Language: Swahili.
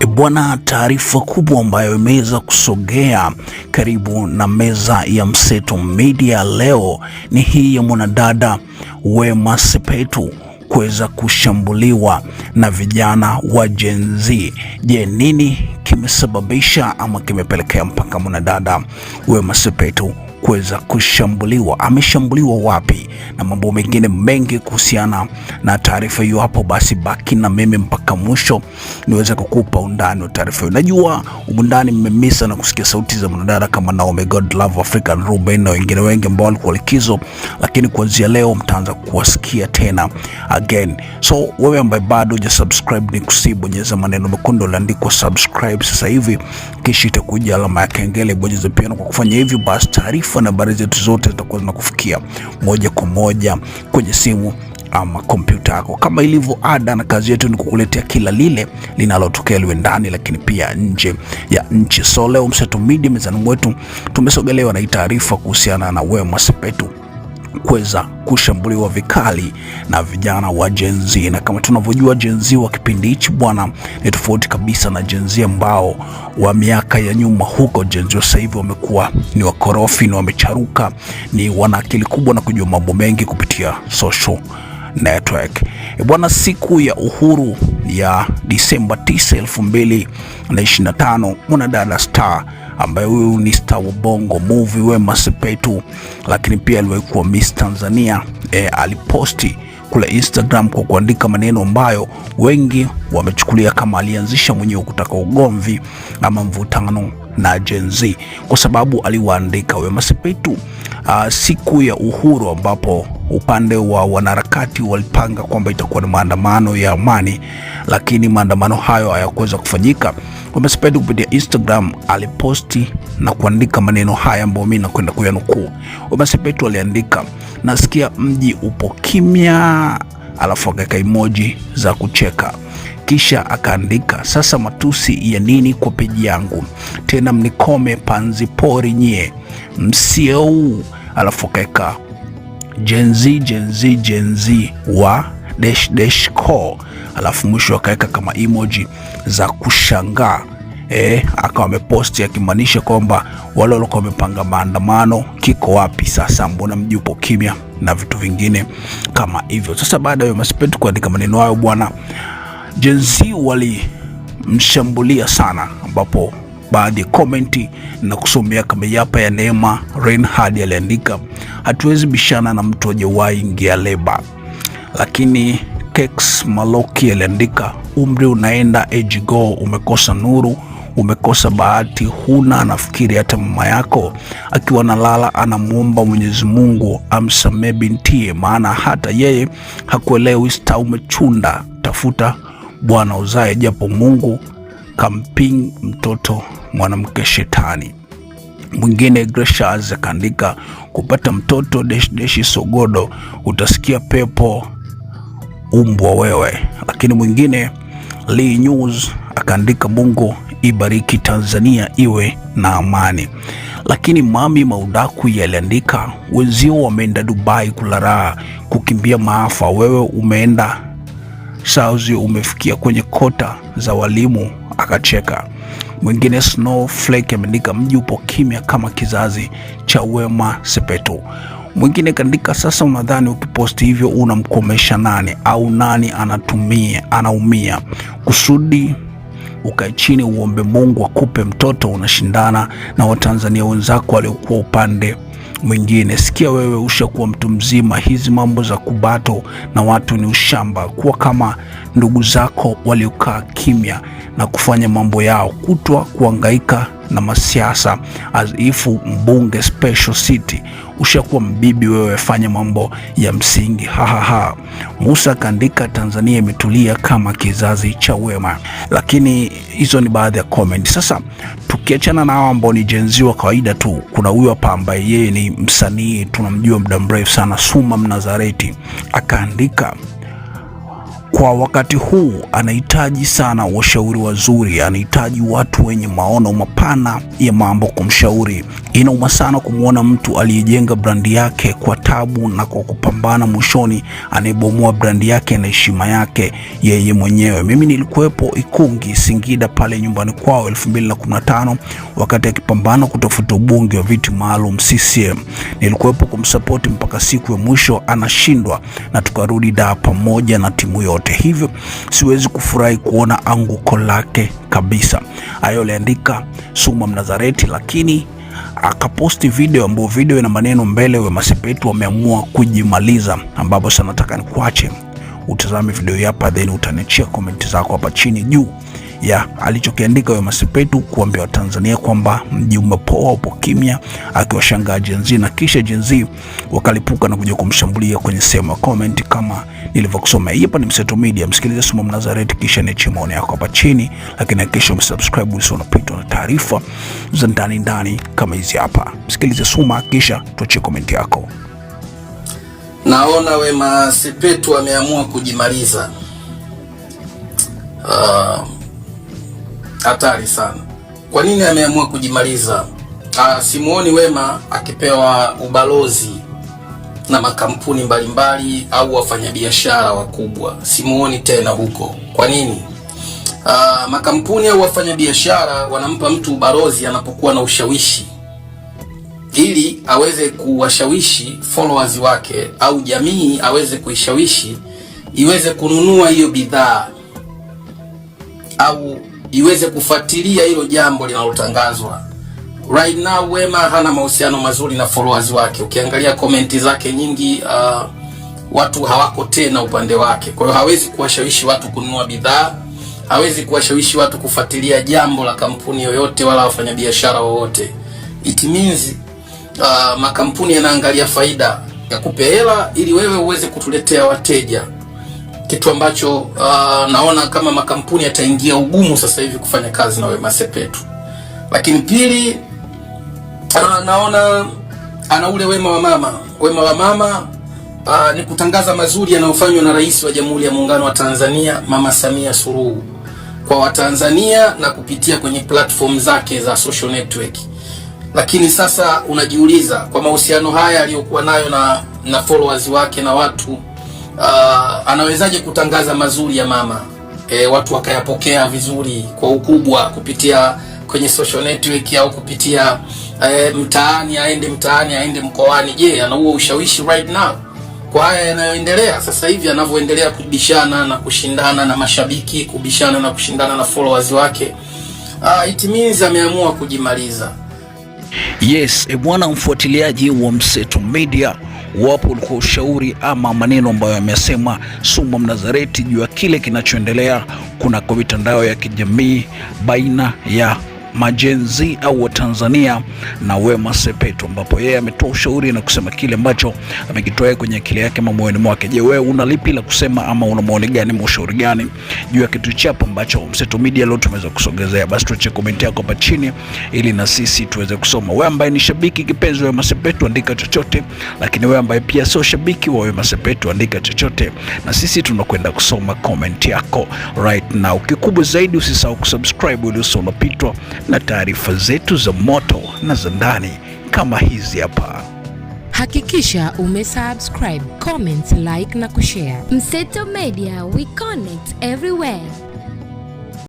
E bwana, taarifa kubwa ambayo imeweza kusogea karibu na meza ya Mseto Media leo ni hii ya mwanadada Wema Sepetu kuweza kushambuliwa na vijana wa Gen Z. Je, nini kimesababisha ama kimepelekea mpaka mwanadada Wema Sepetu kuweza kushambuliwa, ameshambuliwa wapi na mambo mengine mengi kuhusiana na taarifa hiyo. Hapo basi baki na mimi mpaka mwisho niweze kukupa undani wa taarifa hiyo. Najua umundani mmemisa na kusikia sauti za mwanadada kama Naomi Godlove, African Ruben na wengine wengi ambao walikuwa likizo, lakini kuanzia leo mtaanza kuwasikia tena again. So wewe ambaye bado hujasubscribe, ni kusihi bonyeza maneno mekundu laandikwa subscribe sasa hivi, kisha itakuja alama ya kengele, bonyeza piano. Kwa kufanya hivyo basi taarifa taarifa na habari zetu zote zitakuwa zinakufikia moja kwa moja kwenye simu ama kompyuta yako. Kama ilivyo ada, na kazi yetu ni kukuletea kila lile linalotokea liwe ndani lakini pia nje ya nchi. So leo Mseto Media mezani mwetu tumesogelewa na hii taarifa kuhusiana na Wema Sepetu kuweza kushambuliwa vikali na vijana wa Gen Z, na kama tunavyojua Gen Z wa kipindi hichi bwana ni tofauti kabisa na Gen Z ambao wa miaka ya nyuma huko. Gen Z sasa hivi wamekuwa ni wakorofi, ni wamecharuka, ni wana akili kubwa na kujua mambo mengi kupitia social network. E bwana, siku ya uhuru ya Disemba 9, 2025 mwanadada Star ambaye huyu ni star Bongo movie Wema Sepetu, lakini pia aliwahi kuwa Miss Tanzania. E, aliposti kule Instagram kwa kuandika maneno ambayo wengi wamechukulia kama alianzisha mwenyewe kutaka ugomvi ama mvutano na Gen Z kwa sababu aliwaandika Wema Sepetu uh, ah, siku ya uhuru ambapo upande wa wanaharakati walipanga kwamba itakuwa ni maandamano ya amani, lakini maandamano hayo hayakuweza kufanyika. Wema Sepetu kupitia Instagram aliposti na kuandika maneno haya ambayo mimi nakwenda kuyanukuu. Wema Sepetu aliandika, nasikia mji upo kimya, alafu akaweka emoji za kucheka kisha akaandika, sasa matusi ya nini kwa peji yangu tena? Mnikome panzi pori nyie msieu. Alafu akaweka jenzi jenzi jenzi wa dash dash call, alafu mwisho akaweka kama emoji za kushangaa. E, akawa ameposti akimaanisha kwamba wale walikuwa wamepanga maandamano kiko wapi sasa, mbona mji upo kimya na vitu vingine kama hivyo. Sasa baada ya Wema kuandika maneno hayo bwana Gen-Z walimshambulia sana, ambapo baadhi ya komenti na kusomea kama yapa ya Neema Reinhard aliandika, hatuwezi bishana na mtu ajawahi ingia leba. Lakini Kex Maloki aliandika, umri unaenda go, umekosa nuru umekosa bahati, huna anafikiri. Hata mama yako akiwa nalala anamwomba Mwenyezi Mungu amsamee bintie, maana hata yeye hakuelewi. Sta umechunda, tafuta Bwana uzae, japo Mungu kamping mtoto mwanamke shetani. Mwingine Gracious akaandika kupata mtoto deshi deshi sogodo, utasikia pepo umbwa wewe. Lakini mwingine Lee News akaandika Mungu ibariki Tanzania iwe na amani. Lakini Mami Maudaku yaliandika wenzio wameenda Dubai kula kukimbia maafa, wewe umeenda Sauzi umefikia kwenye kota za walimu, akacheka. Mwingine Snowflake ameandika mji upo kimya kama kizazi cha Wema Sepetu. Mwingine kaandika sasa, unadhani ukiposti hivyo unamkomesha nani au nani anatumie anaumia? Kusudi ukae chini uombe Mungu akupe mtoto, unashindana na Watanzania wenzako waliokuwa upande mwingine. Sikia wewe, ushakuwa mtu mzima, hizi mambo za kubato na watu ni ushamba. Kuwa kama ndugu zako waliokaa kimya na kufanya mambo yao kutwa, kuangaika na masiasa as if mbunge special city. Ushakuwa mbibi wewe, fanya mambo ya msingi. Hahaha, Musa kaandika, Tanzania imetulia kama kizazi cha wema. Lakini hizo ni baadhi ya comment. Sasa ukiachana na hao ambao ni jenzi wa kawaida tu, kuna huyu hapa ambaye yeye ni msanii tunamjua muda mrefu sana, Suma Mnazareti akaandika kwa wakati huu anahitaji sana washauri wazuri, anahitaji watu wenye maono mapana ya mambo kumshauri. Inauma sana kumwona mtu aliyejenga brandi yake kwa tabu na kwa kupambana, mwishoni anayebomoa brandi yake na heshima yake yeye mwenyewe. Mimi nilikuwepo Ikungi, Singida, pale nyumbani kwao 2015 wakati akipambana kutafuta ubunge wa viti maalum CCM. Nilikuwepo kumsapoti mpaka siku ya mwisho anashindwa, na tukarudi Dar pamoja na timu yote yoyote, hivyo siwezi kufurahi kuona anguko lake kabisa. Hayo aliandika Suma Mnazareti, lakini akaposti video ambayo video ina maneno mbele we masepetu wameamua kujimaliza, ambapo sana nataka nikuache utazame video hapa, then utaniachia komenti zako hapa chini juu ya alichokiandika Wema Sepetu kuambia Watanzania kwamba mji umepoa, upo kimya, akiwashangaa Gen Z na kisha Gen Z wakalipuka na kuja kumshambulia kwenye sehemu ya comment kama nilivyokusoma. Hii hapa ni Mseto Media, msikilize Sumo Mnazareti, kisha niachie maoni yako hapa chini, lakini hakikisha umesubscribe usio unapitwa na taarifa za ndani ndani kama hizi hapa. Msikilize Suma, kisha tuachie comment yako. Naona Wema Sepetu ameamua kujimaliza. Uh, hatari sana. Kwa nini ameamua kujimaliza? Ah, simuoni Wema akipewa ubalozi na makampuni mbalimbali mbali, au wafanyabiashara wakubwa. Simuoni tena huko. Kwa nini? Aa, ah, makampuni au wafanyabiashara wanampa mtu ubalozi anapokuwa na ushawishi ili aweze kuwashawishi followers wake au jamii aweze kuishawishi iweze kununua hiyo bidhaa au iweze kufuatilia hilo jambo linalotangazwa. Right now Wema hana mahusiano mazuri na followers wake. Ukiangalia komenti zake nyingi, uh, watu hawako tena upande wake. Kwa hiyo hawezi kuwashawishi watu kununua bidhaa, hawezi kuwashawishi watu kufuatilia jambo la kampuni yoyote wala wafanyabiashara wowote. It means uh, makampuni yanaangalia faida ya kupe hela ili wewe uweze kutuletea wateja kitu ambacho uh, naona kama makampuni yataingia ugumu sasa hivi kufanya kazi na Wema Sepetu. Lakini pili, uh, naona ana ule wema wa mama. Wema wa mama uh, ni kutangaza mazuri yanayofanywa na Rais wa Jamhuri ya Muungano wa Tanzania Mama Samia Suluhu kwa Watanzania na kupitia kwenye platform zake za social network. Lakini sasa unajiuliza kwa mahusiano haya aliyokuwa nayo na, na followers wake na watu uh, anawezaje kutangaza mazuri ya mama e, watu wakayapokea vizuri kwa ukubwa kupitia kwenye social network au kupitia e, mtaani, aende mtaani, aende mkoani. Je, ana huo ushawishi right now kwa haya yanayoendelea sasa hivi, anavyoendelea kubishana na kushindana na mashabiki, kubishana na kushindana na followers wake? Uh, it means ameamua kujimaliza. Yes, e, bwana mfuatiliaji wa Mseto Media wapo ulikuwa ushauri ama maneno ambayo yamesema Suma Mnazareti juu ya kile kinachoendelea kunako mitandao ya kijamii baina ya majenzi au wa Tanzania na Wema Sepetu, ambapo yeye ametoa ushauri na kusema kile ambacho amekitoa kwenye akili yake ama moyoni mwake. Je, wewe una lipi la kusema ama una maoni gani ama ushauri gani juu ya kitu chapo ambacho Mseto Media leo tumeweza kusogezea? Basi tuache comment yako hapa chini ili na sisi tuweze kusoma. Wewe ambaye ni shabiki kipenzi wa Wema Sepetu, andika chochote, lakini wewe ambaye pia sio shabiki wa Wema Sepetu, andika chochote, na sisi tunakwenda kusoma comment yako right now. Kikubwa zaidi, usisahau kusubscribe ili usipitwa na taarifa zetu za moto na za ndani kama hizi hapa. Hakikisha ume subscribe, comment, like na kushare. Mseto Media, we connect everywhere.